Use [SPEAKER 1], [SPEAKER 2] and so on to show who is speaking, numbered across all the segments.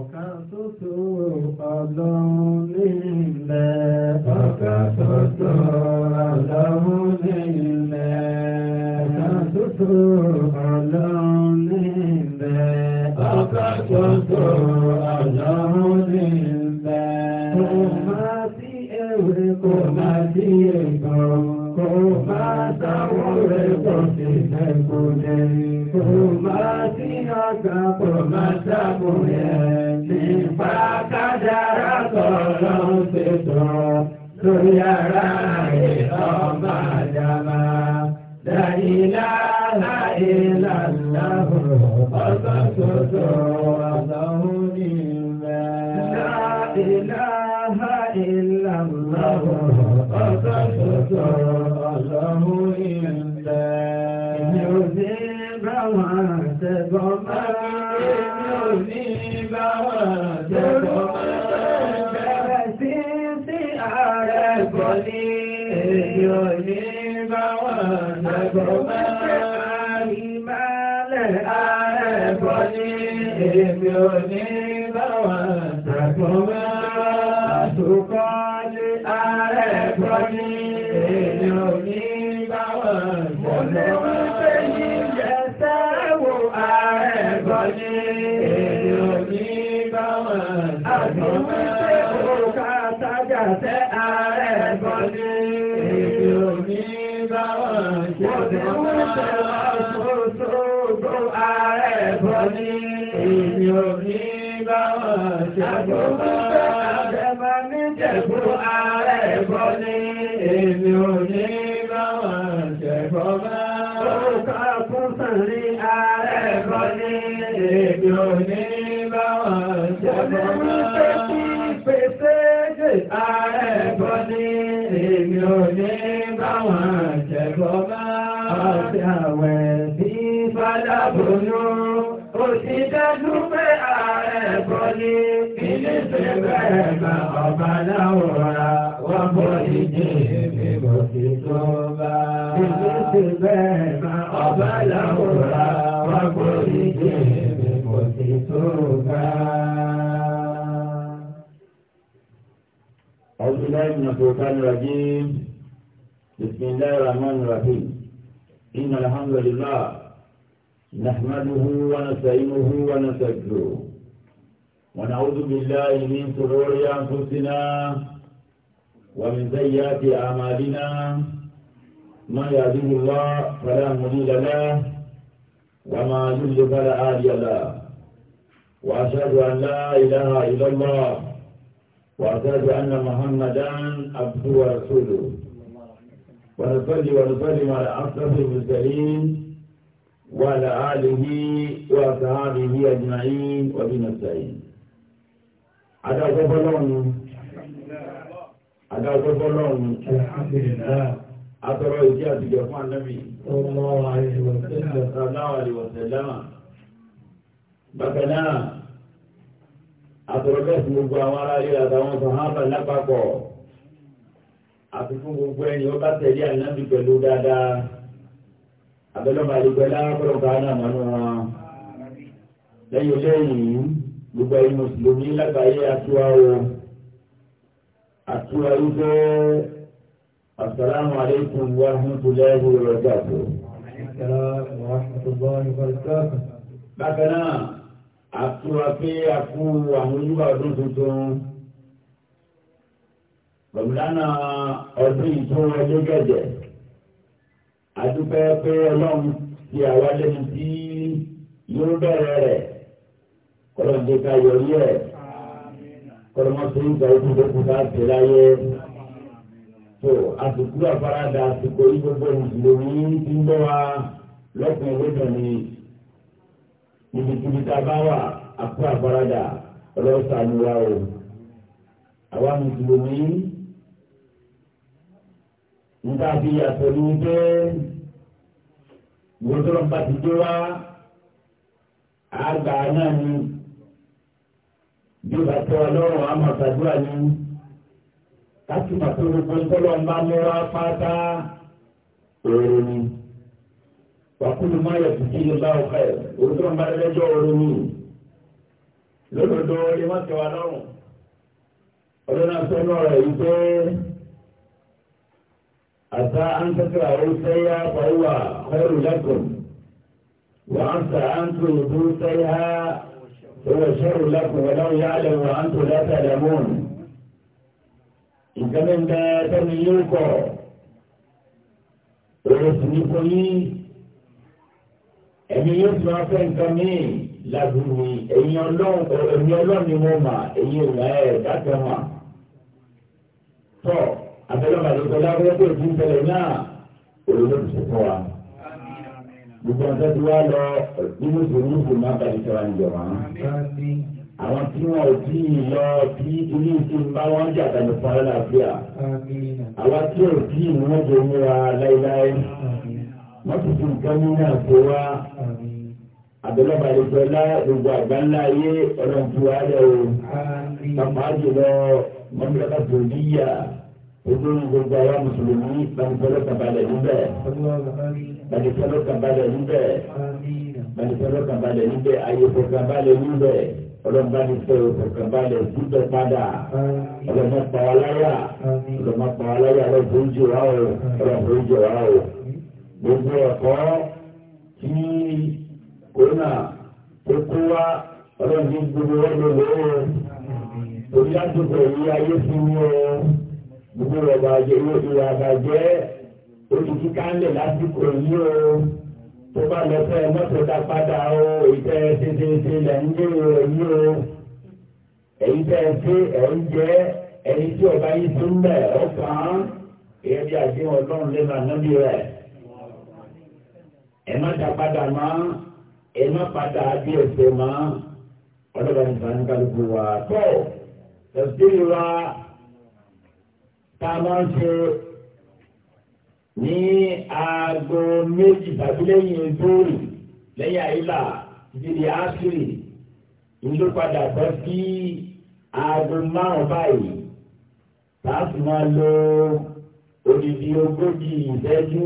[SPEAKER 1] Ọ̀ká tótó ọlọ́run nílẹ̀. Ọ̀ká tótó ọlọ́run nílẹ̀. Ọ̀ká tótó ọlọ́run nílẹ̀. Ọ̀ká tótó ọlọ́run nílẹ̀. Kò má sí ewé kò má sí ẹ̀gbọ́n. Kò má yóò ní bá wọn lẹ́gbọ́n máa rí máa lẹ̀ ààrẹ bọ́ ní èmi ò ní bá wọn lẹ́gbọ́n máa sùkọ́ ní
[SPEAKER 2] ààrẹ bọ́ ní
[SPEAKER 1] èmi ò ní bá wọn lẹ́gbọ́n máa. Gbogbo ọ̀dẹ́bà ní jẹ̀bú ààrẹ ẹ̀kọ́ ní èmi ò ní bá wọn jẹ̀bọ́ bá. Orúkọ kúnsùn ní ààrẹ ẹ̀kọ́ ní èmi ò ní bá wọn jẹ̀bọ́ bá. Pèsè jè ààrẹ ẹ̀kọ́ ní èmi ò ní bá wọn jẹ̀bọ́ bá. Ọ̀sẹ̀ àwẹ̀. láwùrá wá gbórí jẹ́ mi kò sí tó bá. أعوذ بالله من الشيطان الرجيم بسم الله الرحمن الرحيم إن الحمد لله نحمده ونستعينه ونستغفره ونعوذ بالله من شرور أنفسنا ومن سيئات أعمالنا من يهده الله فلا مضل له وما يضلل فلا هادي له واشهد ان لا اله الا الله واشهد ان محمدا عبده ورسوله ونصلي ونسلم على اشرف المرسلين وعلى اله واصحابه اجمعين وبنستعين ada ọgbọ́n lọ́run ada ọgbọ́n lọ́run alhamdulillah àtọrọ ìdí àtìgẹ̀ fún annabi sallallahu alaihi wa sallam bákanáà àtọrọ bẹ́ẹ̀ fún gbogbo àwọn ará ilé àtàwọn sàhábà lápapọ̀ àti fún gbogbo ẹni ó bá tẹ̀lé ànábì pẹ̀lú dáadáa abẹ́lọ́ba àdìgbẹ́ lápapọ̀ káàdà mọ́nú wọn lẹ́yìn lẹ́yìn gbogbo ẹni mùsùlùmí lágbàáyé السلام عليكم ورحمة الله وبركاته السلام ورحمة الله وبركاته bákan náà àtúrà pé a kú àwọn olúwa ọdún tuntun rọmọdánà ọdún ìtún ọdún gẹ̀dẹ̀ adúpẹ́ pé ọlọ́run ti àwa lẹ́nu tí yóò bẹ̀rẹ̀ rẹ̀ kọ́lọ́ọ̀dé ká yọrí ẹ̀ kọ́lọ́mọ́sí ìgbà ìkúndókúta tẹ̀láyé tó àsìkò àfaradà àsìkò yìí gbogbo mùsùlùmí ti ń bọ́ wa lọ́kùnrin lọ́dọ̀ ni níbikíbi tá a bá wà àkó àfaradà ọlọ́sàn-án wa o àwa mùsùlùmí nígbà tí yàtọ̀ ní wípé gbọ́dọ̀ bá ti dé wá àgbà náà ni bí bàtọ́ ọlọ́run àmọ̀tàdúrà ni. láti mọ̀ pé gbogbo ìtọ́lọ̀ ń bá múra pátá òru ni. wàkúlù má yẹ kùtì ní báwo ká ẹ̀ olùtọ́ ń bá lẹ́jọ́ òru ni. lódodo ni wọ́n ti wá lọ́rùn. ọdún náà sọ náà rẹ̀ yìí pé àtà àǹtẹ̀tẹ̀ àwọn sẹ́yà fàáwà ẹrù sẹ́yà وأنت أن تلبوا سيها هو yà لكم ولو يعلم وأنتم لا تعلمون ìkànnì ń bẹ sẹ́ni yóò kọ̀ èrò sì ní kò yí ẹ̀mí yóò sì máa fẹ́ nǹkan míì lágbègbè ẹ̀yìn ọlọ́run ni wọ́n mà ẹ̀yìn ìlà ẹ̀ dákẹ́ mà tọ́ abẹ́lẹ́ màdìgbọ́ lábẹ́ tó ti ń tẹ̀lé náà olóòtú ti fọ́ wa gbogbo ọ̀sẹ̀ tí wàá lọ nínú ìṣòro ìṣòro máa bá ìṣòro àjọ wa àwọn tí wọn ò tí ì lọ bí ilé ìṣe ń bá wọn jà tàbí fún aláàfíà àwọn tí ò tí ì wọn jẹ ní wa láéláé wọn ti fi nǹkan ní náà tó wá àbẹ̀lọ́ba ìjọba gbogbo àgbáńlá ayé ọlọ́dúnwá rẹ̀ o pàpà jùlọ mọ́mílẹ́kà tó níyà olórí gbogbo àwọn mùsùlùmí bàtìfẹ́lẹ́ kàbalẹ̀ níbẹ̀ bàtìfẹ́lẹ́ kàbalẹ̀ níbẹ̀ bàtìfẹ́lẹ́ kàbalẹ̀ níbẹ̀ ayé fọkàbalẹ̀ níbẹ̀ ọlọ́mọba ní pé ọ̀kan balẹ̀ síbẹ̀ padà ọlọ́mọ pàwọ́láyà ọlọ́mọ pàwọ́láyà ọlọ́mọ oúnjẹ wa o ọlọ́mọ oúnjẹ wa o gbogbo ẹ̀kọ́ tí kòrónà tó kó wa ọlọ́mọ gbogbo wọn ló lò ó torí àtúntò yìí ayé fi wú o gbogbo ọ̀bàjẹ́ yóò fi wà bàjẹ́ ó ń lẹ̀ lásìkò yìí o tó bá lọ fẹ́ mọ́tò dá padà o èyí tẹ́ ẹ ṣe ṣe ṣe lẹ̀ ń yé o èyí o èyí tẹ́ ẹ ṣe ẹ̀ ń jẹ́ ẹni tí ọba yìí ti ń bẹ̀ ọ́ fàn án èyí bí àdéhùn ọlọ́run lẹ́nu ànábì rẹ̀ ẹ má dá padà ẹ má padà bí ẹsẹ̀ mọ́ ọlọ́ba ní sàn kálukú wa tó lọ́sítírì wa tá a máa ń ṣe ní aago méjì tàbí lẹ́yìn bóòlù lẹ́yìn àyílà ìdílé áṣírí ìlú padà bọ́ sí aago márùn-ún báyìí láti máa lo odidi ogójì ìṣẹ́jú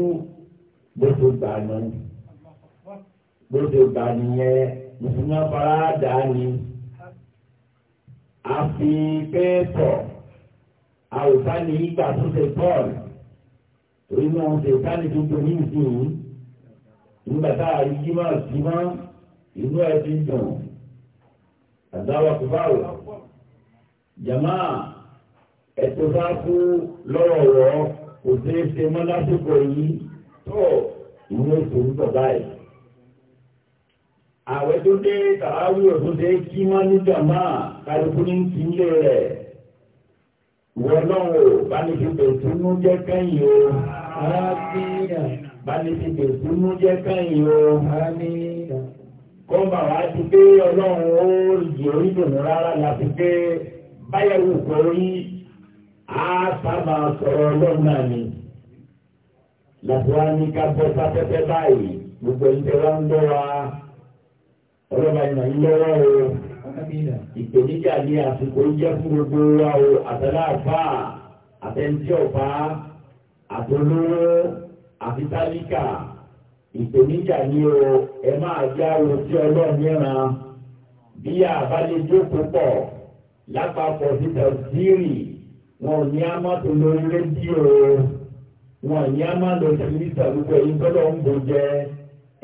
[SPEAKER 1] gbogbo gbà nù gbogbo gbà nìyẹn mùsùlùmí fara dà ní àfi pé pọ̀ àwòsàn ní ìgbà tó ṣe bọ́ọ̀lù torí náà ń ṣe sáni tó tó ní ìsinyìí nígbà tá a rí jímọ̀ símọ́ inú ẹ ti dùn àdáwà kò bá wò jàmá ẹ̀tọ́ bá kú lọ́wọ́wọ́ kò ṣeé ṣe mọ́ lásìkò yìí tó ìwé oṣù ń bọ̀ báyìí. ààwẹ̀ tó dé tàbí òṣù ṣe kí wọ́n ní jàmá kálukú ní kí ń lé rẹ̀ wọlọ́wọ́ bánifíbẹ̀ túnú jẹ́ kẹ́yìn o arábíyà bánifíbẹ̀ túnú jẹ́ kẹ́yìn o arábíyà kọ́mbà wá ti pé ọlọ́run ó yẹ orí dùnú rárá láti pé báyẹ̀wò kọrí á sábà sọ̀rọ̀ ọlọ́run náà ni láti wá ní ká bọ́ sáfẹ́fẹ́ báyìí gbogbo ìjọba ń bọ́ wa ọlọ́ba ìnà yìí lọ́wọ́ o ìpèníjà ní àsìkò jẹ́ fún gbogbo wa o àtàláàfà àtẹnudí ọ̀fà àtolówó àti tálíkà ìpèníjà ní o ẹ máa já o sí ọlọ́run yẹran bí àbálẹ́jọ́ púpọ̀ lápapọ̀ síta zírì wọn ò ní á má tó lórí rédíò wọn ò ní á má lọ sí níta gbogbo ẹ̀yin tọ́lọ́ ń bò jẹ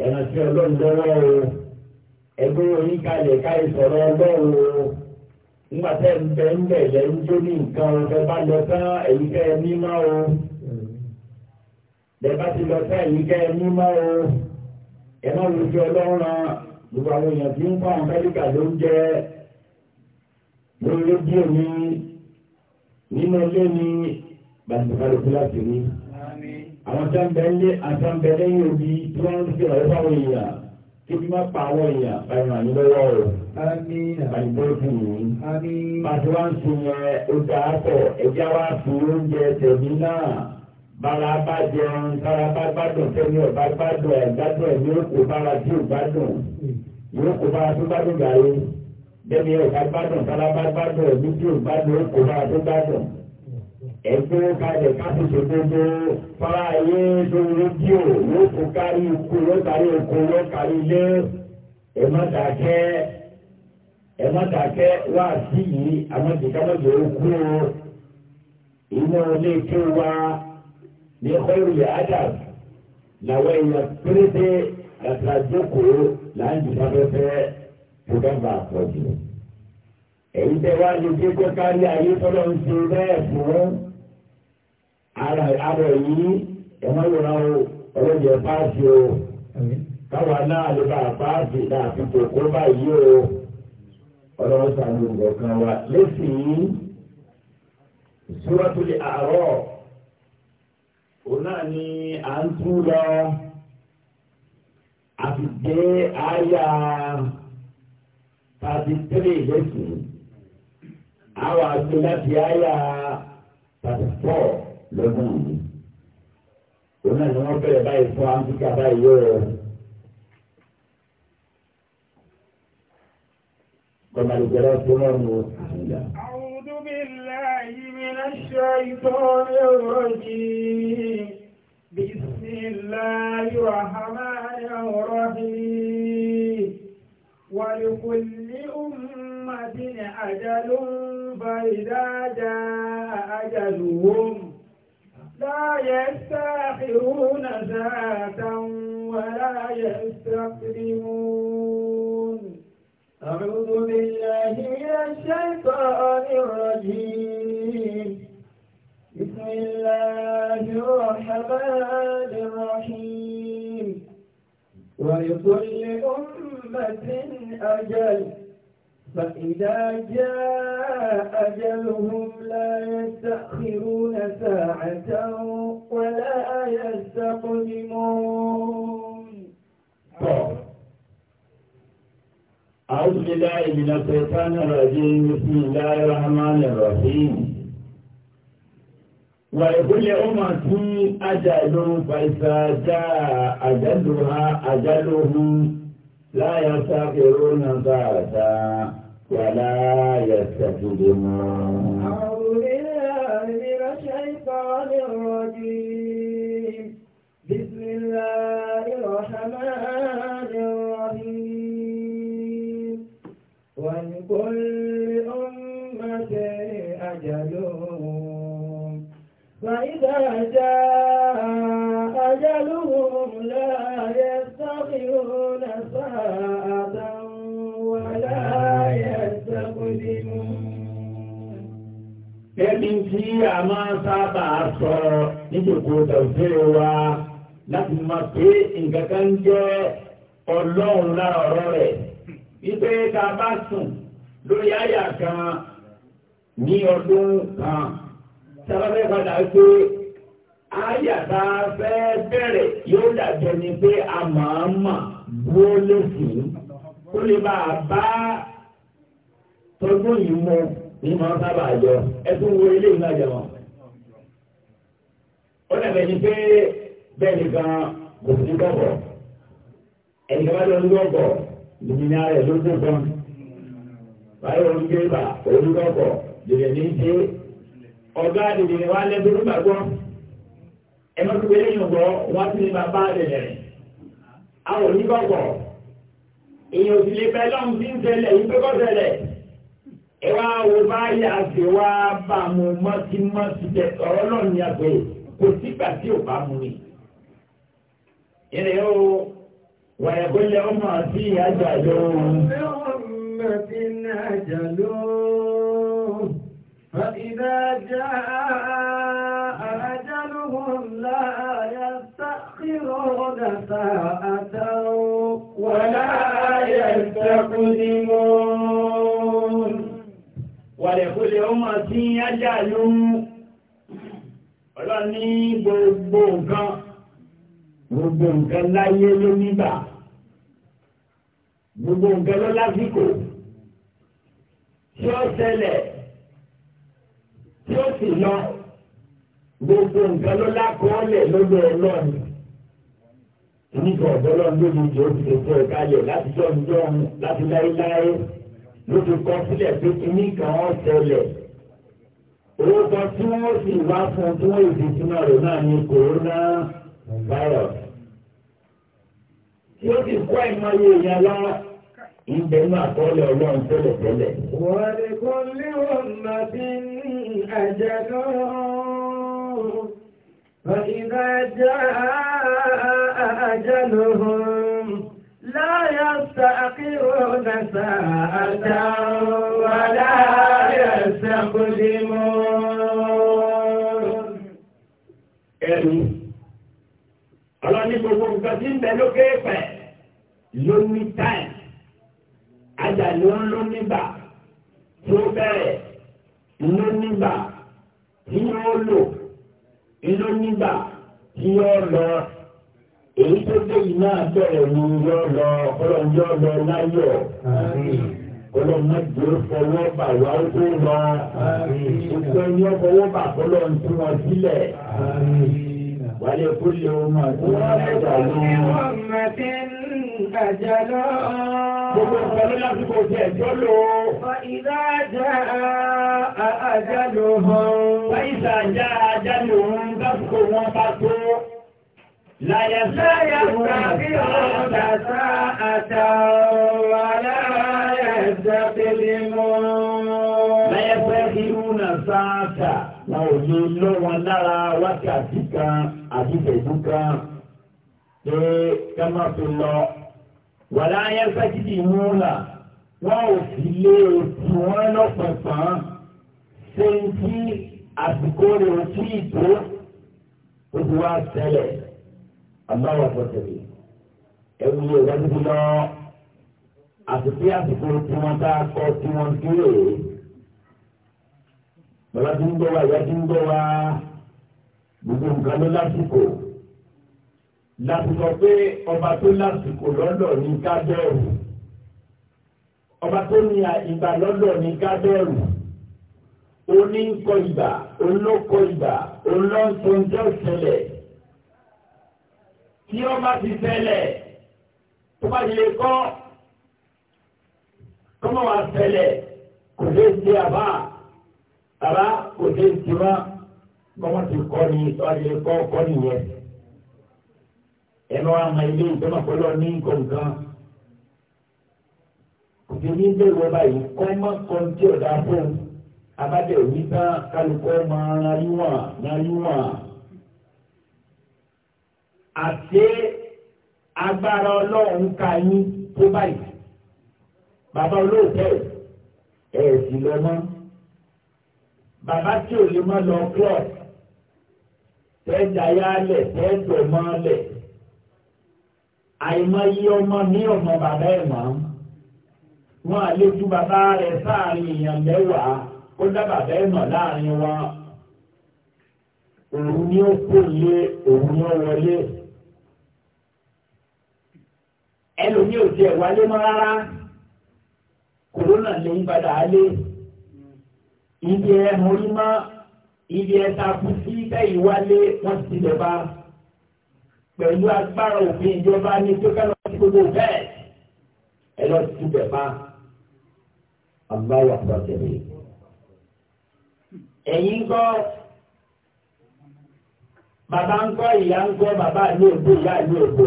[SPEAKER 1] ẹ̀rántí ọlọ́run lọ́wọ́ o ẹgbẹ́ orí kalẹ̀ káyé sọ̀rọ̀ ọlọ́run o nígbà tẹ́ ń bẹ ń bẹ̀ lẹ́ ń jó ní nǹkan o bẹ bá lọ tán èyí kẹ́ ẹ mímọ́ o bẹ bá ti lọ tán èyí kẹ́ ẹ mímọ́ o ẹ má wo ju ọlọ́run rán gbogbo àwọn èèyàn tí ń kọ́ amẹ́ríkà ló ń jẹ́ lórí rédíò ní nínú ilé ní bàtìkàlùkù láti rí àwọn tí ń bẹ ń lé àti lẹ́yìn òbí tí wọ́n ń fi ọ̀rẹ́ fáwọn èèyàn. Ibi máa pa àwọn èèyàn ẹ̀ràn ní lọ́wọ́ rẹ̀. Àyìnbó ti yìí. Màtí wá ń sun yẹn ojà àpọ̀ ẹja wá fi oúnjẹ tẹ̀mí náà. Bára bá jẹun, bára bá gbádùn tẹ́lẹ̀ ọ̀bá gbádùn ẹ̀gbádùn ẹ̀ yóò kó bára tí ò gbádùn. Yóò kó bára tó gbádùn gàrí. Bẹ́ẹ̀ni ọ̀bá gbádùn, bára bá gbádùn ẹ̀mí tí ò gbádùn ó kó bára tó gbádùn ẹgbẹ́ balẹ̀ káfíṣe gbogbo fara ayé lórí rédíò yóò kó kárí ikú yóò kárí oko yóò kárí ilé ẹ má dàkẹ́ ẹ má dàkẹ́ wá sí yìí amájèkámájè okú o inú ilé tó wá ní ọ̀rẹ́ adam làwọn èèyàn péréte làtàrà jókòó là ń jìbá fẹ́fẹ́ tó dábà àpọ̀jù èyí tẹ́ wá lè dé kó ayé tọ́lọ́ ń ṣe bẹ́ẹ̀ fún ara ara yìí ẹ̀wọ̀n wòran o ọlọ́jẹ̀ páàsì o káwa náà lè bá páàsì náà fi kókó báyìí o ọlọ́run sàánú ìgbọ̀kan wa lẹ́sìn yìí sùrọ̀tùlẹ̀ àárọ̀ òun náà ni à ń tú lọ àti dé àyà thirty three lẹ́sìn àwọn àgbẹ̀ láti àyà thirty four lọ́dún yìí. òun náà ni wọ́n bẹ̀rẹ̀ báyìí fún áfíríkà báyìí yóò rẹ̀ kọ́mọdé jẹ́rẹ́ fún náà ní àyíká. الله الرحمن الرحيم ولكل أمة أجل فإذا جاء أجلهم لا يستاخرون ذاتا ولا يستقدمون أعوذ بالله من الشيطان الرجيم بسم الله الرحمن الرحيم ولكل أمة أجل فإذا جاء أجلهم لا يستأخرون ساعة ولا يستقدمون أعوذ بالله من الشيطان الرجيم بسم الله الرحمن الرحيم ولكل أمة أجل فإذا جاء أجلها أجلهم لا يستأخرون ساعة ولا يستجدون أعوذ بالله من الشيطان الرجيم بسم الله الرحمن الرحيم ولكل أمة أجل فإذا جاء أجلهم لا يستطيعون ساعة Ẹni tí a máa sábà sọ níjòkó tẹ̀síre wa láti máa pé nǹkan kan jẹ́ ọlọ́run lára ọ̀rọ̀ rẹ̀. Wípé ta bá sùn lórí àyà kan ní ọdún kan, sábàbẹ́ padà pé àyà tá a fẹ́ bẹ̀rẹ̀ yóò dàjọ ni pé a máa mà bú ó lè sùn. Ó lè bá a bá tọ́jú yìí mú ní máa sábà jọ ẹtún wo ilé ìlú àjọ wọn. ó dàbẹ̀ ni pé bẹ́ẹ̀ nìkan kò sí gbọ̀gbọ̀ ẹnìkan bá lọ ní gbọ̀gbọ̀ ìdíyìn ara ẹ̀ ló dún kan báyọ̀ olùgbé bá olùgbọ̀gbọ̀ dèrè ní ṣe ọ̀gá dèrè wá lẹ́dún nígbàgbọ́ ẹ má tó gbélé yìí gbọ́ wá sí ní bàbá dèrè àwọn onígbọ̀gbọ̀ èèyàn òsì lè bẹ́ẹ̀ lọ́hùn ẹwà wo bá yà ṣe wá bá mu mọ́tímọ́tí jẹ ọ̀rọ̀ náà ní àgbẹ̀ kò sígbà tí ò bá mu ni. ìrìn o wàyà kó lè ọmọ àti ìyá ló. ọmọ ti ní ló. فإذا جاء أجلهم لا يستأخرون ساعة ولا يستقدمون ọmọ tí ájá ló mú ọlọ́ ní gbogbo nǹkan gbogbo nǹkan láyé ló nígbà gbogbo nǹkan ló lásìkò tí ó ṣẹlẹ̀ tí ó sì lọ gbogbo nǹkan ló lákọọ́lẹ̀ lódò ọlọ́run oníkọ̀ ọ̀bọ́lọ́run lójú ìjọ ti ṣètò ìkálẹ̀ láti jọ́ ìjọ́ láti láéláé ló ti kọ sílẹ̀ pé kíní kan ó orúkọ tí wọ́n sì wá fún tí wọ́n èdè sínú ọ̀rọ̀ náà ní corona virus. tí ó sì kọ́ ìmọ̀ye èèyàn lá ìgbẹ́ náà àkọọ́lẹ̀ ọlọ́run tẹ́lẹ̀ wọ́n lè kọ́ lé ọ̀nà bí àjẹ́ náà. فإذا جاء أجلهم لا يستأخرون ساعة ولا يستقدمون ẹnu ọlọ́ni gbogbo nǹkan tí ń bẹ lókè pẹ̀ ló ní táì ajá ni ó ń lọ nígbà tí ó bẹ̀rẹ̀ ló nígbà tí yóò lò ló nígbà tí yóò lọ èyí tó dé yìí náà bẹ̀rẹ̀ ni yóò lọ ọlọ́run yóò lọ láyọ̀ ọlọ́mọdé fọwọ́ bà wá ó wá gbogbo ẹni ọfọwọ́ bà bọ́lọ̀ ń tún wọn sílẹ̀ wálé kó lè o máa tó wọn lọ́jà lọ. Gbogbo ìpàdé lásìkò ti ẹ̀jọ́ lò ó. Ìlà àjà àjà lò hàn. Báyìísà àjà àjà lò hàn lásìkò wọn bá tó. Láyé sáyà kàbí ọ̀dà sáà àtàwọ̀ aláàrẹ̀. يستقدمون لا يستخدمون ساعة wọn ò lè lọ wọn lára wákàtí kan àti ìṣẹ́jú kan pé ká má fi lọ wàlá ayẹ́sẹ́kìtì múlà wọn ò sì lè tì wọ́n lọ́pọ̀pọ̀n ṣe ń tí àsìkò rẹ̀ ò tí ì tó ó ti wá àbáwọ̀ pọ̀tẹ̀lẹ̀ ẹ̀wù yóò wá níbi àtúntí àsìkò tí wọ́n bá kọ́ tí wọ́n ń dúró rèé. bàbá tí ń gbọ́ wa ìyá tí ń gbọ́ wa gbogbo nǹkan ló lásìkò. lásìkò pé ọba tó lásìkò lọ́dọ̀ ní ká bẹ̀rù. ọba tó ní ìgbà lọ́dọ̀ ní ká bẹ̀rù. oní ìgbà olóko ìgbà olóńtóńjọ́ ìṣẹ̀lẹ̀. tí ọba ti fẹ́lẹ̀ tó bá ti lè kọ́ kọ́mọ wa fẹlẹ̀ kò lè ṣe àbá àbá kò lè ṣe wá kọ́mọ ti kọ́ ni ọ̀rẹ́ kọ́ kọ́ nìyẹn. ẹnu àmà ilé ìjọba pẹ̀lú ọ̀ní nǹkan kò sí ní ilé ìwé báyìí kọ́mọ kan tí ọ̀dà fún abájẹ́ òní tán kálukọ́ máa ń ra yíwọ̀n ra yíwọ̀n. àti agbára ọlọ́run ká yín tó báyìí bàbá olóòtẹ́ ẹ̀ sì lọ mọ́ bàbá tí ò lè mọ́ lọ club tẹ́jà yálẹ̀ tẹ́jọ̀ mọ́lẹ̀ àìmọye ọmọ ní ọmọ bàbá ẹ̀ mọ́ wọn à lè tú bàbá rẹ̀ sáàrin èèyàn mẹ́wàá ó dá bàbá ẹ̀ mọ̀ láàrin wọn òun ni ó kó lé òun ni ó wọlé ẹlòmíì ò tiẹ̀ wálé mọ́ rárá kòrónà lè ń padà alé ibi ẹ mórí má ibi ẹ takú sí kẹ́yìn wálé wọ́n ti lè bá pẹ̀lú agbára òfin ìjọba ní tó kẹ́lọ́ sí gbogbo bẹ́ẹ̀ ẹ lọ sí ibẹ̀ bá àbáwọ̀ àtọ̀tẹ̀lẹ̀ ẹ̀yìn ń kọ́ bàbá ń kọ́ ìyá ń kọ́ bàbá ní òbó ìyá ní òbó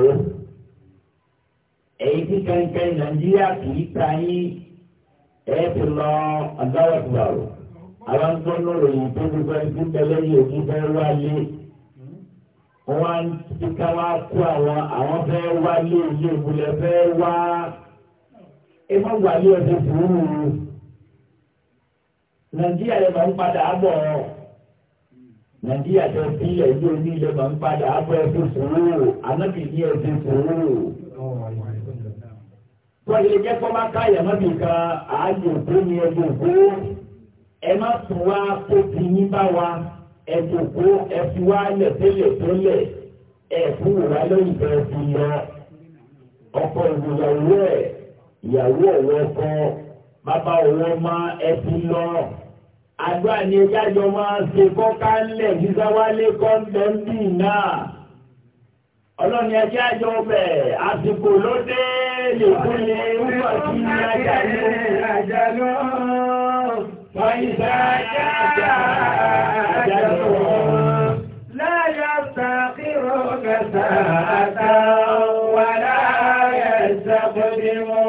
[SPEAKER 1] èyí tí kẹ́ńkẹ́ Nàìjíríà kì í ta yín ẹ̀ẹ́dì lọ agbáwọ̀tìbàrò àwọn tó ń lòrò yìí tó ti fẹ́ sí tẹ́lẹ̀ yìí òkú fẹ́ wálé wọ́n ti ká wá kó àwọn àwọn fẹ́ wálé ilé ìwúlẹ̀ fẹ́ wá ẹ má wálé ọ̀sẹ̀ fúrú nàìjíríà lè máa ń padà bọ̀ nàìjíríà tó fi ilẹ̀ yóò ní máa ń padà bọ̀ ẹ̀sẹ̀ fúrú ànábì ní ẹ̀sẹ̀ wọ́n lè jẹ́ kó má káyà má ààyè òkú ni ẹ̀bù òkú ẹ má tún wá kó ti yín bá wa ẹ̀bù òkú ẹ fi wá lẹ̀tẹ́lẹ̀ tó lẹ̀ ẹ̀ fún wa lóyún bẹ́ẹ̀ fi lọ. ọkọ ìgbìyàwó ẹ̀ ìyàwó ọ̀wọ́ ọkọ bàbá ọ̀wọ́ ọmọ ẹ fi lọ. àdó àní ẹja jọ máa ṣe kọ́ ká lẹ̀ nígbà kọ́ ń bẹ́ẹ̀ náà. ọlọ́ni ẹjẹ́ àjọ bẹ̀ àsìkò ló lè fún ní wúwà kí ní ajá ní ajá náà wọ́n yí bá ajá ajá náà láyà sàkírò kẹta àtà wà láyà sàkódìmọ́.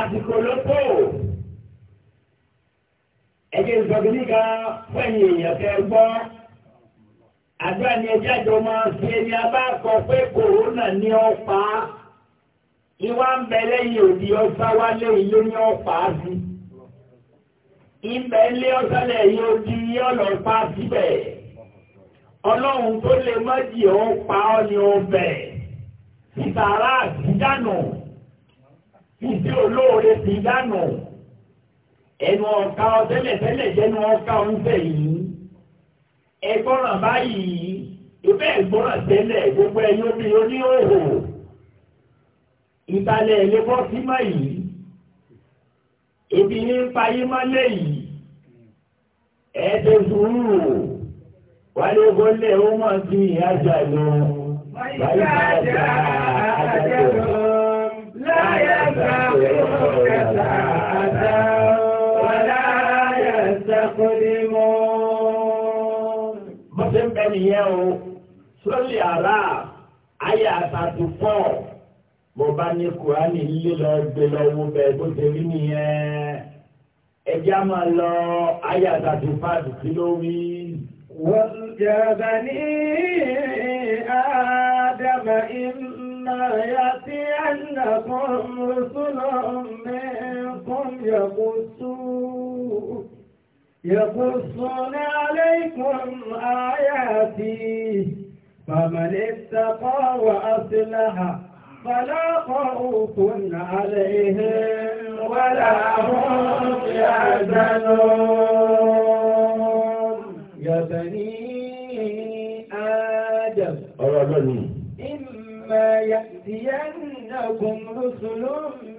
[SPEAKER 1] àsìkò ló tó ẹgbẹ́ ìsọ̀gbìn fẹ́yìn èèyàn fẹ́ gbọ́ àdúrà ni ẹjẹ́ àjọ máa fi ẹni abá kọ pé kòrónà ní ọ̀pá ìwá ń bẹ lẹ́yìn òdì ọsá wálé ilé ní ọ̀pá sí ìbẹ̀ ilé ọsálẹ̀ yóò di ọlọ́pá síbẹ̀ ọlọ́run tó lè mọ́jì ó pa ọ́ ní ọbẹ̀ ìtàrà sí dànù ìdí olóore sí dànù ẹnu ọ̀ka ọ̀tẹ́lẹ̀tẹ́lẹ̀ jẹ́nu ọ̀ka oúnjẹ yìí ẹgbọ́ràn báyìí ibẹ̀ ẹgbọ́ràn tẹ́lẹ̀ gbogbo ẹ̀yọ́ bí oníhòòhò ìtàlẹ̀ ìlébọ́ sí mọ́ yìí ibi ní ń payé mọ́lẹ̀ yìí ẹ̀ẹ́dẹ̀ sùúrù wálé gólẹ̀ ó mọ̀ sí ìyájà lọ wáyé ìyájà àjàjọ láyé àgbà òkú kẹta àjà wàlá ayé ẹ̀sẹ̀kúnlẹ̀ mọ́. bọ́sẹ̀ ń bẹ nìyẹn o sọ́lì àrà ayé àtàtù fọ́ọ̀ bó bá ní kùránì lílé lọ gbé lọ wo bẹ́ẹ̀ bó ṣe rí nìyẹn ẹjá máa lọ ayé àtàtì fáàdì sí lórí. wọ́n jẹ́bẹ̀ ní àdàbẹ̀ iná yàtí ànàkùn rúṣùlọ́ mẹ́kùn yẹ̀kùsù. يقصون عليكم آياتي فمن اتقى وأصلح فلا خوف عليهم ولا هم يحزنون يا بني آدم إما يأتينكم رسل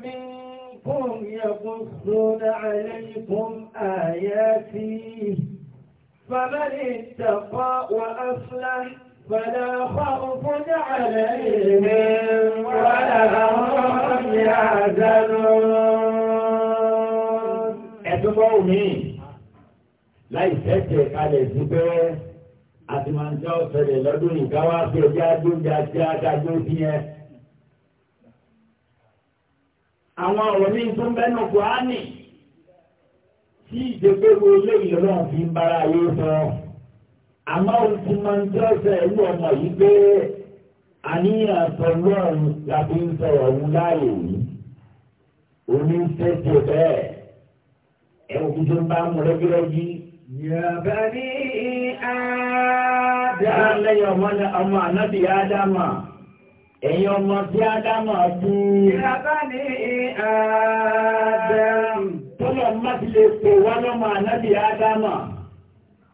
[SPEAKER 1] منكم يقصون عليكم آياتي فمن اتقى وأصلح فلا خوف عليهم ولا هم يحزنون ẹ̀dúgbọ́ omi láì fẹ́kẹ̀ kalẹ̀ sí pé àtìmọ̀jọ́ ọ̀sẹ̀lẹ̀ lọ́dún ìgáwá pé ojú agbóúnjẹ àti adájọ́ sí yẹn. àwọn ọ̀rọ̀ ní tó ń bẹ́nu kùránì tí ìdẹ́gbẹ́wò ilé ìlọ́run fi ń bára yóò sọ àmọ́ òtún máa ń tẹ́ ọ̀sẹ̀ ìlú ọmọ yìí pé àníyàn pẹ̀lú ọ̀hún làbí ń sọ̀rọ̀ ọ̀hún láàyè yìí òní ń fẹ́ tiẹ̀ bẹ́ẹ̀ ẹ wò kí tó ń bá mú rẹ́gírẹ́gí. yàrá ní ádámà. lẹ́yìn ọmọ ọmọ ádámà ẹ̀yin ọmọ tí ádámà kú. yàrá ní ádámà. tọ́lọ̀ má ti lè pè wá lọ́mọ ànábì ádámà.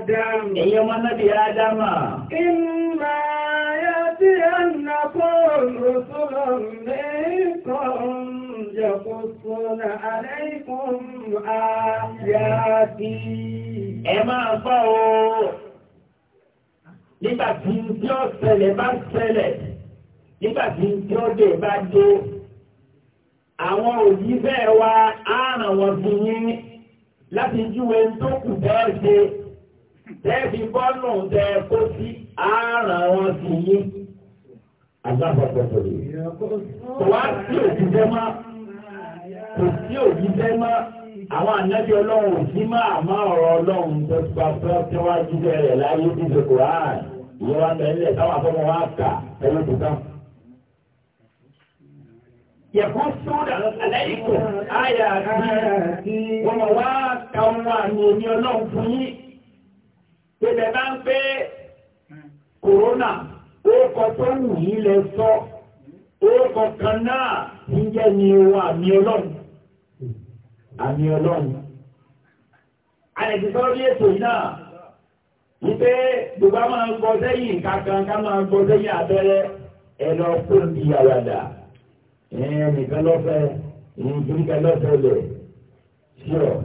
[SPEAKER 1] آدم أي من نبي آدم إما يأتي أنكم رسلا منكم يقصون عليكم آياتي ẹ máa gbọ́ o àwọn òbí bẹ́ẹ̀ wá á yín láti júwe tó kù bẹ́ẹ̀ ṣe tẹ́ẹ̀fì bọ́nù tẹ kó sí àárán wọn sí yín. Agbábọ̀pọ̀pọ̀ rẹ̀. Kò wá sí òjíṣẹ́ mọ́. Kò sí òjíṣẹ́ mọ́. Àwọn ànábì ọlọ́run ò sí máa má ọ̀rọ̀ ọlọ́run tó gba fẹ́ tí wọ́n á jíṣẹ́ rẹ̀ láyé bí ṣe kò hàn. Ìyẹn wá mẹ́lẹ̀ táwọn afọ́mọ wa kà pẹ̀lú tuntun. Yẹ̀kú sódà lẹ́yìn kò áyà àti wọ́n wá ka àmì omi ọlọ́run fún yín ilẹ̀ bá ń fẹ́ kòrónà orúkọ tó wù yí lẹ sọ orúkọ kan náà ń jẹ́ ni ohun àmì ọlọ́run àmì ọlọ́run àìsíkọ́ rí ètò náà wípé gbogbo a máa ń gbọ́ sẹ́yìn kankan ká máa ń gbọ́ sẹ́yìn abẹ́rẹ́ ẹ lọ kó di àwàdà ẹ nìkan lọ́fẹ̀ẹ́ ìyìnkiri kan lọ́fẹ̀ẹ́ lẹ̀ sí ọ̀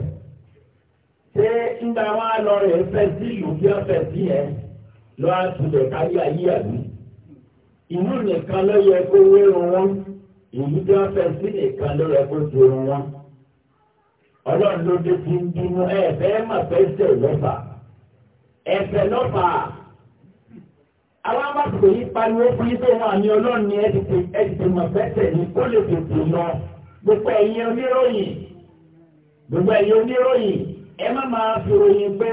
[SPEAKER 1] ṣé ńgbà wọn lọ rẹ̀ fẹ́ sí ìlú bí wọ́n fẹ́ sí yẹn lọ́ àtúndẹ̀ kárí ayé àbí. ìlú nìkan ló yẹ kó wérun wọn ìlú bí wọ́n fẹ́ sí nìkan ló yẹ kó torun wọn. ọlọ́run ló dé ti ń bínú ẹ̀ẹ́fẹ́ mà fẹ́ ṣe lọ́fà ẹ̀fẹ́ lọ́fà àwọn abáṣepọ̀ yìí pariwo fún yín tó wọn àmì ọlọ́run ni ẹ ti ti mọ̀ fẹ́ tẹ̀lé kó lè tètè lọ gbogbo ẹ̀yin oníròyìn gbogbo ẹ̀yin oníròyìn ẹ má máa sọ̀rọ̀ yìí pé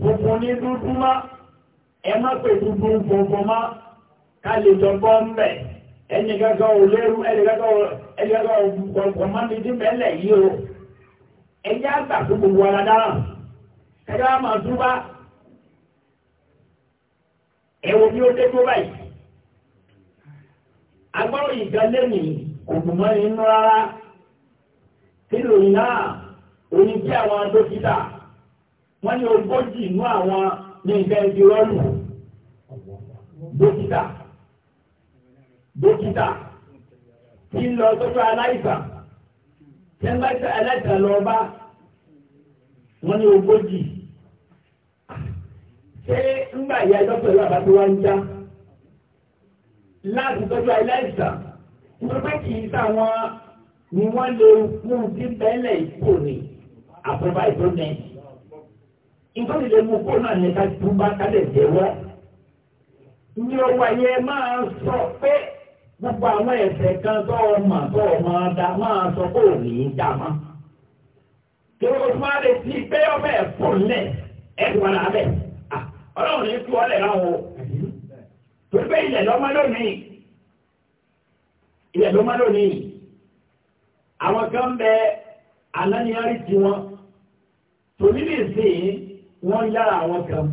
[SPEAKER 1] funfun ní dúdú má ẹ má pè dúdú funfun má ká lè jọ bọ́ ń bẹ̀ ẹni kankan ò lérú ẹni kankan ò kọ̀ọ̀kan má mi dín bẹ́ẹ̀lẹ̀ yìí o ẹjẹ́ àgbà fún gbogbo ara dára ẹjẹ́ á máa dúbá ẹ̀wò bí ó dé tó báyìí agbọ́rò ìgbàlẹ́ mi kò dùn mọ́ inú rárá kí lòyìn náà òní tí àwọn dókítà wọ́n ní ogójì inú àwọn ní ìfẹ́ ibi rọ́ọ̀lù dókítà dókítà tí ń lọ sọ́jọ́ aláìsàn tí ń bá aláìsàn lọ bá wọ́n ní ogójì ṣé ńgbà ìyá dọ́kítà lọ́ba tó wá ń já láti tọ́jú aláìsàn nígbà tí ìta wọn ni wọ́n lè mú un bẹ́ẹ̀lẹ̀ ìkó ni àkóbá ìtọ́jú nǹkan lè mú kó náà ní ká túbá ká lè jẹ́wọ́ ní ọwọ́ yẹ máa sọ pé gbogbo àwọn ẹ̀ṣẹ̀ kan tó ọmọ tó ọmọ da máa sọ pé ò ní í dá ma kí o máa lè ti pé ọbẹ̀ fún lẹ̀ ẹ̀dùn ọ̀la bẹ̀ ọlọ́run ní tú ọlẹ̀ náà o tó pé ilẹ̀ lọ́mọ lónìí ilẹ̀ lọ́mọ lónìí àwọn kan bẹ́ẹ̀. aláníyárí tí wọ́n tòní lè sè é wọ́n yára àwọn kan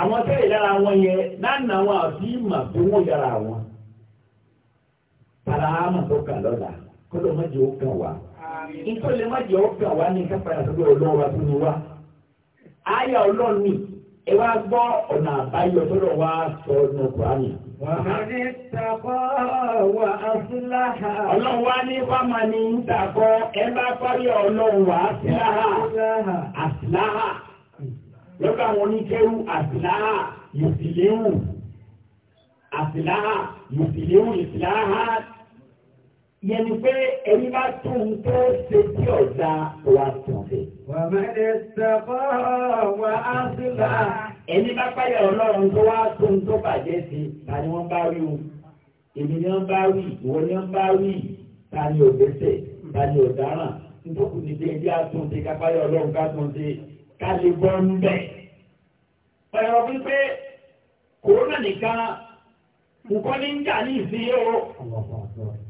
[SPEAKER 1] àwọn tẹ́lẹ̀ yára wọn yẹn lánàá wọn àti ìmọ̀ tó wọ́n yára wọn tààrà àmà tó kà lọ́la kó má jẹ́ ó kàn wá nítorí má jẹ́ ó kàn wá ní kápẹ́rẹ́ àtúndò ọlọ́run wa tó ní wá àyà ọlọ́run ni ẹ wá gbọ́ ọ̀nà àbáyọ tó lọ wá sọ ọ̀nà Ọlọ́run wá ní fáma ní ìtàkọ́ ẹ bá parí ọlọ́run wá síláhà, àsìláhà, lọ́gbà wọn ní kẹrù àsìláhà, yòsìléhù, àsìláhà, yòsìléhù, ìsìláhà, yẹni pé ẹni bá tún tó ṣe tí ọ̀dà wà tún fẹ́. Wà mẹ́rin wà á síláhà ẹni bá páyà ọlọ́run tó wá tó ń tó bàjẹ́ sí ta ni wọ́n bá wí o èmi ni wọ́n bá wí ìwọ ni wọ́n bá wí ta ni òbẹ́sẹ̀ ta ni ọ̀daràn nítorí ní pé ẹbí àtúnṣe kápáyà ọlọ́run ká túnṣe ká lè bọ́ ń bẹ̀. ọ̀rọ̀ wípé kòrónà nìkan nǹkan ní ń jà ní ìsìn yìí o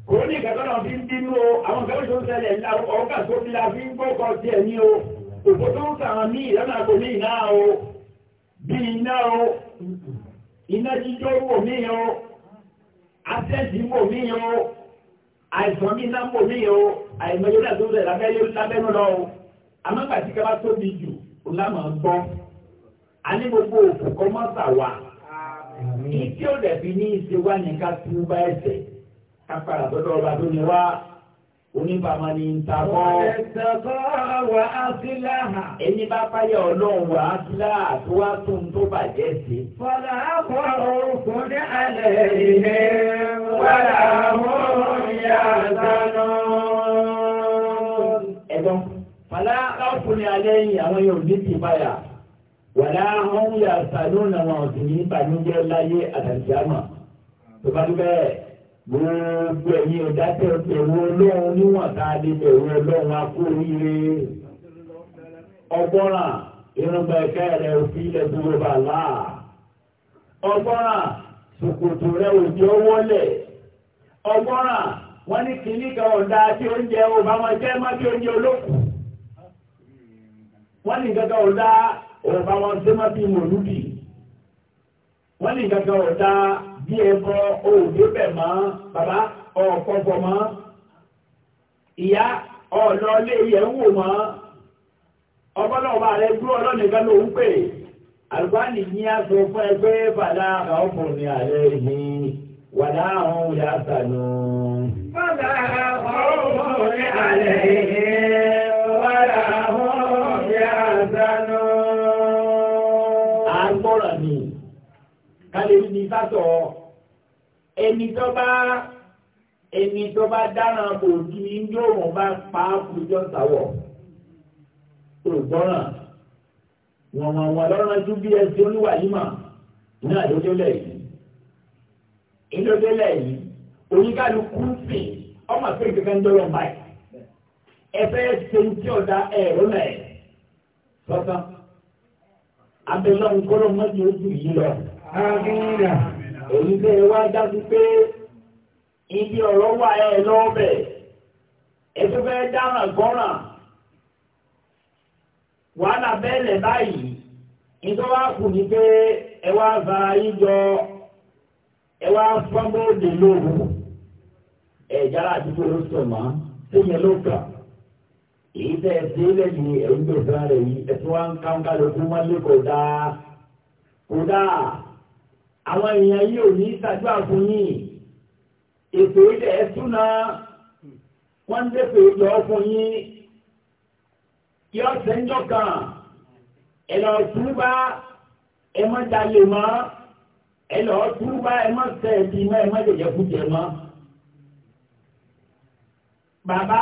[SPEAKER 1] kòrónà ìgbàgbọ́ náà fi ń bínú o àwọn ìgbàgbọ́ tó ń ṣẹlẹ̀ ọ̀gá tó fi la fi ń gbọ́kọ̀ tiẹ̀ ní o òfò tó ń sàrán ní ìlànà o bí iná o iná jíjó wò mí o afẹ́sì wò mí o àìsàn mi náà wò mí o àìsàn yóò dà tó rẹ̀ lábẹ́ lábẹ́nu lọ o amágbàtí ká bá tóbi jù ó lámà ń gbọ́ a ní gbogbo òkú kọ́ mọ́ sà wá kí tí ó dẹ̀ fi ní ìṣe wá ní ká tú bá ẹ̀sẹ̀ ká padà sọ́dọ̀ ọba tó ní wá oníbàmà ni ń takọ́. ẹ̀sẹ̀kọ́ wà á sílá. ẹni bá páyà ọlọ́run wà á sílá tó wá tó ń tó bàjẹ́ sí. fọlá àpọ̀ òkun ní alẹ́ ìhẹ́ wàlá àwọn ìyàtọ̀nà. ẹ̀gbọ́n fọlá àpọ̀ ní alẹ́ yìí àwọn yóò ní ti báyà wàlá àwọn ìyàtọ̀nà wọn ò sì ní ìbànújẹ́ láyé àtàlùjáàmà tó bá dúpẹ́. gbogbo ẹ̀yin ọ̀dá tẹ̀ ẹ̀wọ̀ ọlọ́run níwọ̀n tá a lè bẹ̀rù ọlọ́run akóríire ọgbọ́ràn irúgbà ẹ̀ka rẹ̀ òfin ilẹ̀ bà láà ọgbọ́ràn òjò ní kan tí oúnjẹ má bí oúnjẹ ní kankan má bí ní kankan bí ẹbọ òòdébẹ̀ mọ́ bàbá ọ̀pọ̀pọ̀ mọ́ ìyá ọ̀lọ́lé yẹ̀ ń wò mọ́ ọgbọ́lọ́ọ̀bá rẹ̀ dúró ọlọ́nìkan ló ń pè àlùbáàlì ní aṣọ fún ẹgbẹ́ bàdá ọkùnrin ààrẹ yìí wà láàrún òyà sànù. bàbá ọkùnrin ààrẹ yìí wà láàrún òyà sànù. àgbọ̀rọ̀ ni kálí ní sátọ̀ ẹni tó bá ẹni tó bá dáná òkì yóò wọ́n bá pa àkùjọ sáwọ̀ tó gbọ́ràn wọ́n wọ́n wọ́n lọ́rọ́ ju bí ẹsẹ̀ oníwà yìí mà ní àdójọ́lẹ̀ yìí ìdójọ́lẹ̀ yìí oníkálukú sì ọmọ pé kankan dọ́rọ̀ báyìí ẹfẹ́ ṣe tí ọ̀dà ẹ̀rọ náà sọ́sán abẹ́lọ́nkọ́lọ́ mọ́jú ojú yìí lọ. Amina. èyí bẹ́ẹ̀ wá dájú pé ibi ọ̀rọ̀ wà ẹ lọ́ọ̀bẹ̀ ẹ tó fẹ́ dáràn gbọ́ràn wàhálà bẹ́ẹ̀lẹ̀ báyìí nítorí wá kù ní pé ẹ wá fara yín ẹ wá fọ́nbóde lóru ẹ àdúgbò ló sọ mọ́ tó yẹ èyí tẹ́ ẹ sí lẹ́yìn ẹ̀rú gbèsè rẹ̀ yìí tó àwọn èèyàn yìí ò ní ṣàdúrà fún yìí ètò ilẹ̀ ẹ̀túnà wọ́n ń dẹ́pẹ̀ ìjọ fún yìí yọ sẹ́ńjọ́ kan ẹ̀lọ́ túbá ẹmọ́ jalè mọ́ ẹ̀lọ́ túbá ẹmọ́ sẹ́ẹ̀dì mọ́ ẹmọ́ jẹ̀jẹ̀ kújẹ mọ́ bàbá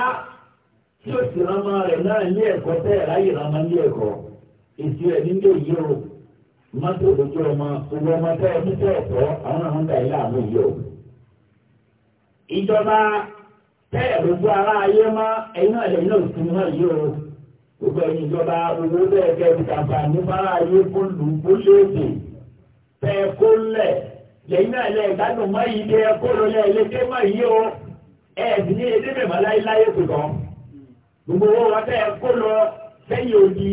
[SPEAKER 1] tí ó sì rán ọmọ rẹ̀ náà ní ẹ̀kọ́ tẹ́ ẹ̀ láyè rán ọmọ ní ẹ̀kọ́ èsì ẹ̀ nílé yìí o mọ́tò lójú ọmọ gbogbo ọmọ tẹ́ ẹni tẹ́ ẹ̀tọ́ àwọn àwọn ọ̀dà ilé àwọn yìí o. ìjọba tẹ́ ẹ̀ lójú ara ayé mọ́ ẹ̀yin náà lẹ́yìn náà sùn náà yìí o. gbogbo ẹ̀yin ìjọba owó bẹ́ẹ̀ kẹ́ ẹ̀ tàbí àníbára ayé kó lù kó léèdè tẹ́ ẹ kó lẹ̀ lẹ́yìn náà lẹ́ ìgbádùn mọ́ yìí tẹ́ ẹ kó lọ lẹ́ ilé ké mọ́ yìí o. ẹ̀ sì ní edé mẹ́mọ́ láyéláyé pè kàn. gbogbo owó wọn tẹ́ ẹ kó lọ sẹ́yìn òdì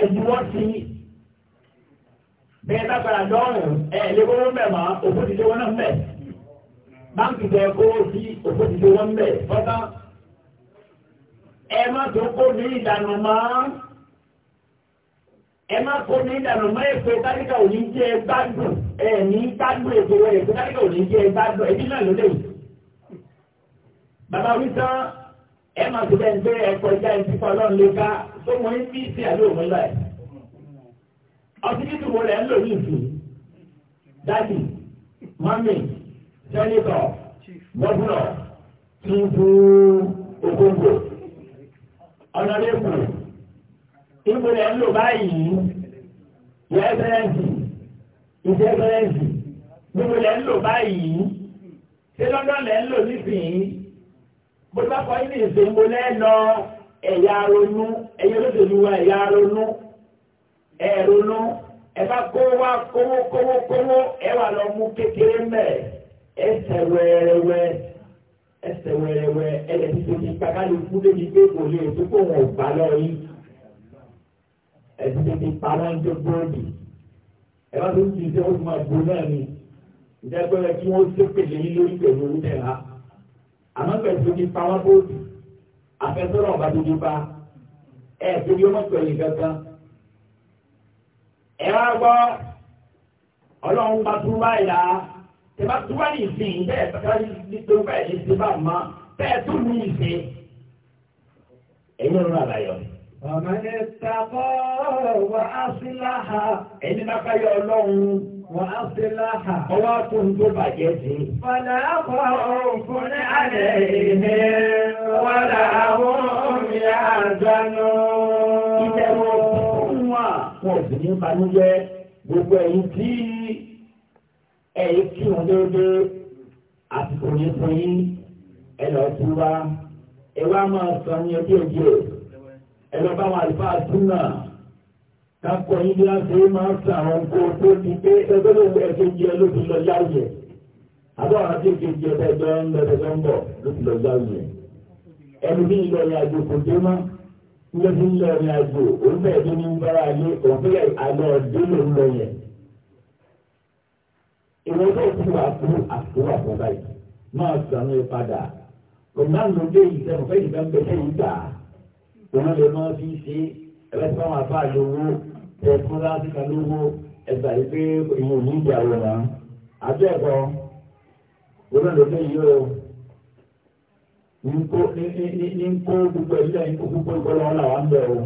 [SPEAKER 1] ẹ̀dùn bẹ́ẹ̀ lágbára dọ́rùn ẹ̀ lẹ́gbọ́n mẹ́ máa òkú ti ṣe wọ́n náà mẹ́ báńkì tẹ kó sí òkú ti ṣe wọ́n mẹ́ fọ́tán ẹ má tó kó ní ìdànù mọ́ ẹ má kó ní ìdànù mọ́ èpè tálíkà òní jẹ́ gbádùn ẹ̀ ní gbádùn èpè wẹ̀ èpè tálíkà òní jẹ́ gbádùn ẹbí náà lóde yìí bàbá wí tán ẹ má tó bẹ́ẹ̀ ń gbé ẹ̀kọ́ ìjà ìtìkọ́ ọlọ́run lè ká tó mọ ní bí ìsìn àlóòmọ́ báyìí ọsibítù wo lẹ́ ń lò yìí sí dádì mọ́mì sẹ́nitọ̀ gọ́dúnọ̀ tí ń fún okóńgò ọ̀nàdẹ́kùn ibo lẹ́ ń lò báyìí yẹ ẹgbẹ́rẹ́ǹsì ìṣe ẹgbẹ́rẹ́ǹsì gbogbo lẹ́ ń lò báyìí ṣé lọ́dọ̀ lẹ́ ń lò nísìnyí bó bá kọ́ yín ní ìṣèǹbó lẹ́ lọ ẹ̀yà ronú ẹ̀yà olóṣèlú ronú ẹ̀rọnú ẹ̀bá kówá kówó kówó kówó ẹ̀wà lọ mú kékeré mẹ́ ẹsẹ̀ wẹ́rẹ́wẹ́ ẹsẹ̀ wẹ́rẹ́wẹ́ ẹ̀rẹ́ títí ti pàkálù kú débi pé kò lè tó kó wọn ò gbà lọ yìí ẹ̀sìn ti pamọ́ ń tó gbòòdì ẹ̀wá tó ti ṣe oṣù máa gbó náà ni ìdágbẹ́rẹ́ kí wọ́n ṣe pèlè yín lórí pẹ̀lú owó tẹ̀lá àmọ́ pẹ̀lú ti pamọ́ gbòòdì àfẹ́sọ́rọ̀ ọ̀bá tó dé bá ẹ̀ tó dé ọmọ pẹ̀lú kankan ẹ̀rọ agbọ́ ọlọ́run bá túbá ìlà tẹ̀bá túbá ní ìsìn bẹ́ẹ̀ pàtàkì tó bẹ́ẹ̀ ní túbá mọ́ bẹ́ẹ̀ tó ní ìsìn ẹ̀yìn ọ̀run àbáyọ. ọ̀nà ni tàbọ̀ wà á sí láhà. ẹni bá káyọ̀ ọlọ́run wà á sí láhà. ọwọ́ tó ń tó bàjẹ́ sí. fọlá kọ́ òfin ní àlẹ́ ìhẹ́ wọ́n làwọn ò àjọ náà wọn ò sì ní banújẹ́ gbogbo ẹ̀yin tí ẹ̀yin kí wọn déédéé àsìkò yìí fún yín ẹ lọ sí wa ẹ wá máa sọ ní ẹbí ẹjẹ ẹ lọ bá wọn àlùfáà tún náà kakọ yín bí wọn ṣe máa ń sàn àwọn nǹkan tó ti pé ẹgbẹ́ ló wọ ẹ̀ṣẹ̀ jẹ ló ti lọ yáwùyẹ àbọ̀ àwọn tí èké jẹ ẹgbẹ́ ń lọ ẹgbẹ́ ń bọ̀ ló ti lọ yáwùyẹ ẹnu bí ìlọ yà àjòkò dé máa lójú ń lọ ní àjò òun bẹ́ẹ̀ ló ní bára lé òfin àlọ́ délé ń lọ yẹn. ìwọ náà ti wà fún àkúrò àkọ́bá yìí máa sànú ẹ padà òmùnáàmù ló dé ìṣẹ́ òfin ìgbà ń bẹ̀rẹ̀ yìí gbà òun lè máa fi ṣe ẹ̀rẹ́ tí wọ́n afá lówó ẹ̀fún láti kan lówó ẹ̀sà yìí pé ìyẹn ní ìjà wọn àbẹ́ẹ̀kọ́ òun lè dé yìí ní kó gbogbo ẹ̀yẹ́ ní kó gbogbo ìgbọ́lọ́ ọ̀la wa ń bẹ̀ o.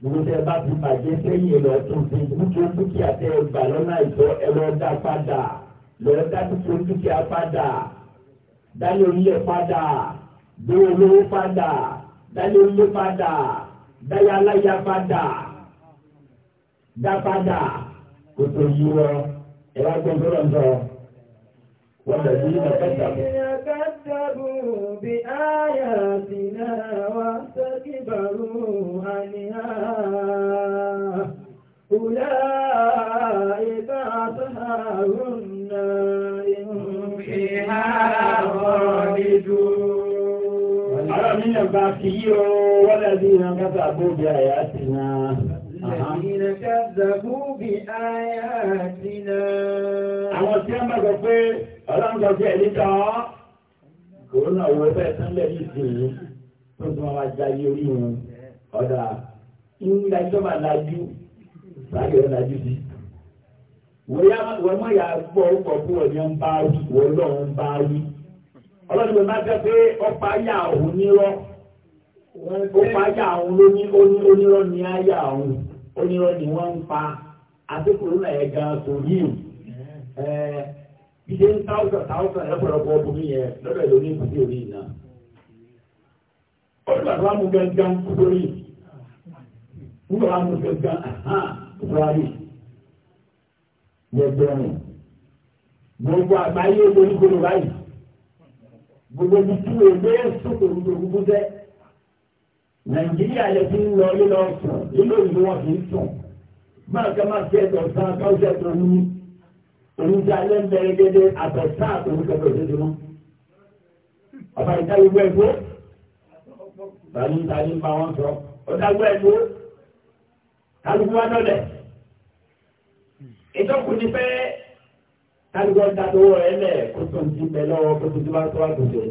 [SPEAKER 1] Gbogbo tẹ́ bá ti bàjẹ́ sẹ́yìn lọ tó fi dúkìá dúkìá tẹ́ gbà lọ́nà ìtọ́ ẹ lọ dá padà lọ dá dúkìá dúkìá padà dálé onílé padà gbé olówó padà dálé onílé padà dálé aláya padà dá padà kò tó yí wọ ẹ wá gbọ́dọ̀ sọ. والذين كذبوا بآياتنا واستكبروا عنها أولئك أصحاب النار هم فيها خالدون أرمين والذين كذبوا بآياتنا الذين كذبوا بآياتنا ọlọ́njọ́jọ́ ẹ̀ níta kòrónà owó fẹ́ sánlẹ̀ yìí sí tó tún wọn wá jáyé orí wọn ọ̀dà ńlá ìjọba lajú sáyé sí. wọ́n mọ̀ yà gbọ́ ọkọ̀ fún ń bá wọ́n lọ́wọ́ ń bá máa fẹ́ pé ọ̀pá yà òun nírọ́ ọ̀pá yà òun òun onírọ́ ni wọ́n ń pa àti kòrónà ẹ̀ gan-an ilé ń táwùsà táwùsà lọ́pọ̀lọpọ̀ ọkùnrin yẹn lọ́dọ̀ ìlú ní ìbùdí òní ìná ọdún àti wàá mú gángan kúròyìn nígbà wàá mú gángan ahán kúròyìn gbẹgbẹrún gbogbo àgbáyé oníkóró báyìí gbogbo ibi tí o gbé sókò gbogbo sẹ nàìjíríà yẹ kí ń lọ lílọ sùn lílọ ìlú wọn kì í sùn máa ká máa fi ẹ̀tọ́ sàn káwùsà tó wúni oníṣẹ́ alẹ́ ń bẹ̀rẹ̀ dédé àtọ̀sá àtọ̀sí kẹfẹ́ òṣèjúmọ́ ọba ìta gbogbo ẹ̀kọ́ tani tani bá wọn sọ ọ̀dà gbogbo ẹ̀kọ́ kálukú wa dọ̀lẹ̀ ìtọ́kù ni pé kálukú ọ̀dà tó wọ̀ ẹ́ lẹ̀ kó tó ń ti bẹ̀ lọ́wọ́ kó tó ti bá tó wà tó ṣe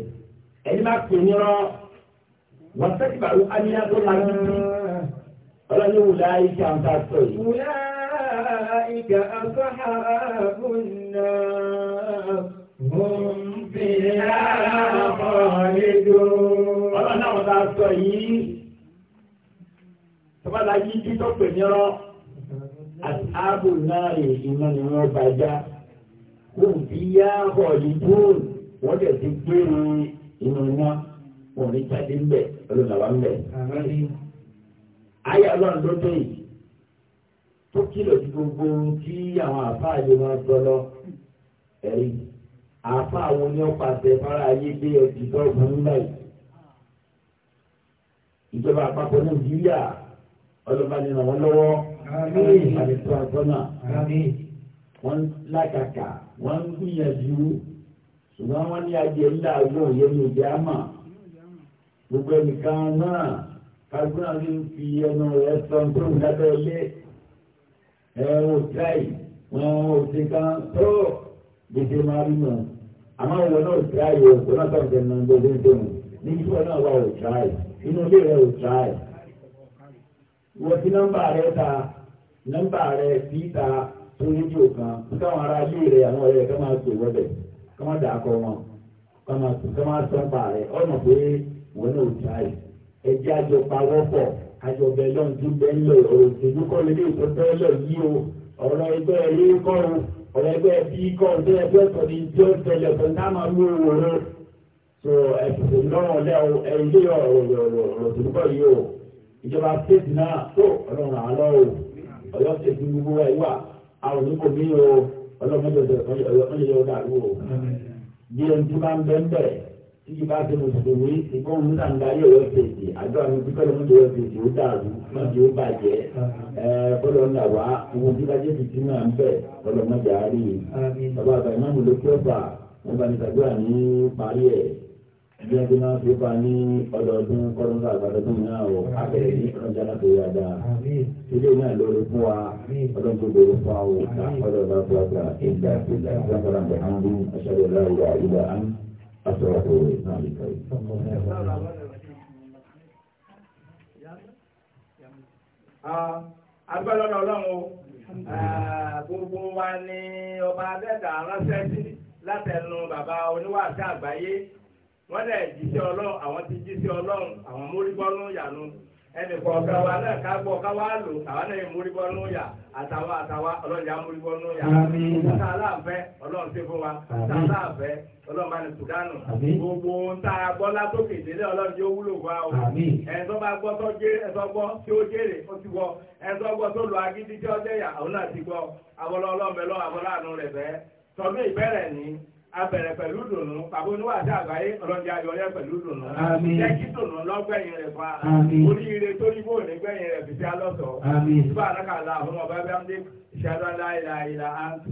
[SPEAKER 1] ẹni bá pè ní rán wọ́n sẹ́kì bàrú amíyá tó lágbí ọlọ́ni wùlá iṣẹ́ àwọn tá a sọ yìí. أولئك أصحاب النار هم فيها خالدون ọlọ́nà ọ̀dà sọ yìí tọ́bálà yìí tí tó pè ní ọ́ àtàbò náà ìṣúná ni wọ́n bá já wọ́n fi yá ọ̀lìbùn wọ́n dẹ̀ ti gbé inú wọn wọ́n ní jáde ń bẹ̀ ọlọ́nà wa ń bẹ̀. àyà ọlọ́run ló dé yìí tó kìlọ̀ sí gbogbo ohun tí àwọn àáfàá yìí máa sọ lọ ẹ̀rí àáfàá àwọn oníọ̀pàṣẹ fara ayé gbé ọtí bọ́ọ̀bù ńlá yìí ìjọba àpapọ̀ nàìjíríà ọlọ́ba ni ràn wọ́n lọ́wọ́ àti tó àtọ́nà wọ́n lákàkà wọ́n ń gbìyànjú ṣùgbọ́n wọ́n ní ajé ńlá àgbọ̀n yẹn ní ìjà àmà gbogbo ẹnìkan náà kágbọ́n àti fi ẹnu rẹ̀ sọ ẹ̀rọ tíráì wọn ò ti kan tó gbèsè máa rí mọ̀ àmọ́ ìwọ náà tíráì o kò náà tọ̀sẹ̀ nà ń gbèsè tó mọ̀ ní ìfọ̀ náà wà ò tíráì inú ilé rẹ̀ ò tíráì. wọ́n ti nọ́mbà rẹ̀ ta nọ́mbà rẹ̀ fi ta tó rédíò kan káwọn ará ilé rẹ̀ àwọn ọ̀rẹ́ ká máa gbè wọ́bẹ̀ ká máa dàkọ wọn ká máa sọ́ńpà rẹ̀ ọ̀nà pé wọ́n náà tíráì ẹjẹ́ àjọpá wọ́pọ̀ àjọ̀bẹ̀ náà ti bẹ́lẹ̀ òṣèlú kọ́ lé tó bẹ́lẹ̀ yí o ọ̀rọ̀ ẹgbẹ́ ilé kọ́ o ọ̀rọ̀ ẹgbẹ́ bí kọ́ o tó ẹgbẹ́ sọ ní tí ó tẹlẹ̀ fún táwọn ló wò ó so ẹ̀sìn náà lẹ́ o ẹ̀yìn lé ọ̀rọ̀ òṣèlú kọ́ yìí o ìjọba stéètì náà tó ọlọ́run àlọ́ o ọ̀yọ́ ṣètì gbogbo ẹ̀ wà àwọn oníkò mí o ọlọ́run ẹ̀jọ̀ ọ̀yọ́ ọ̀dà títí bá ti mùsùlùmí ìbọn òun náà ń darí ọ̀rọ̀ ìpèsè àjọ àmì pípẹ́ lọ́mú tó ọ̀rọ̀ ìpèsè ó dàrú má ti ó bàjẹ́ kọ́lọ́ ńlá wá ohun tí bájẹ́ ti tún náà ń bẹ̀ kọ́lọ́ má jà á rí i bàbá àgbà iná mi ló kí ọ̀fà wọn bá ní sàdúrà ní parí ẹ̀ bí wọ́n ti máa fi bá ní ọdọọdún kọ́lọ́ ńlá àgbàdọ́dún náà ọ̀ abẹ́rẹ́ ní ọjà láti أسرة الإسلام الكريم agbẹ́lọ́ ọlọ́run gbogbo wa ni ọba adẹ́dà ránṣẹ́ sí látẹnu bàbá oníwàásù àgbáyé wọ́n dẹ̀ jíṣẹ́ ọlọ́run àwọn ti jíṣẹ́ ọlọ́run àwọn mórí bọ́nú yànú ẹnìkan kan wa náà ká gbọ́ ká wá lò Atawa náà múrí bọ́ nù yà àtàwọn àtàwọn ọlọ́jà múrí bọ́ nù yà tá a láàfẹ́ ọlọ́run fún wa tá a láàfẹ́ ọlọ́run bá ní sùdánù gbogbo ń tá gbọ́ látòkè délé ọlọ́run yóò wúlò fún wa o ẹni tó bá gbọ́ tó jẹ́ gbọ́ tí ó jèrè ó abẹ̀rẹ̀ pẹ̀lú dùnú pàbó níwájú àgbáyé ọlọ́jà ayọ̀rẹ́ pẹ̀lú dùnú. jẹ́ kí dùnú lọ́gbẹ̀yìn rẹ̀ fa oríire tó ní bò nígbẹ̀yìn rẹ̀ fi ṣe alọ́sọ̀. ìfọ̀ àlákàlà àwọn ọba bá ń dé ìṣẹ́dọ́ aláìlà ìlà áńtì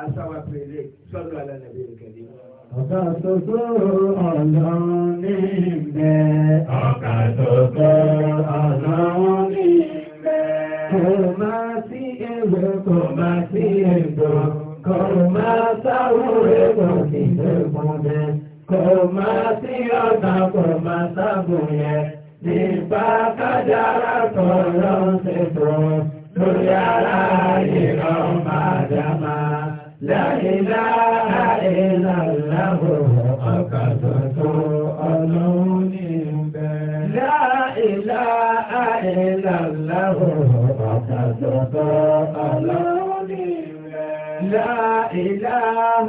[SPEAKER 1] asáwà pèlè sọ́dọ̀ alánàbí ìkẹ́lẹ́. ọ̀gá tókó ọ̀lọ́run ní ìgbẹ́. ọ̀gá tókó ọ̀lọ́run ní ìgbẹ́. kò má sí ewé kò má sí egbò kò má sáwúre kò sì lókun jẹ kò má sí ọ̀sán kò má ságun yẹ nípa kájára kò lọ ṣètò lórí ara ìran màdàmá láìlá àìláláwò ọkàn tuntun ọlọ́run ní ìbẹ̀. láìlá àìláláwò ọkàn tuntun ọlọ́run. لا إله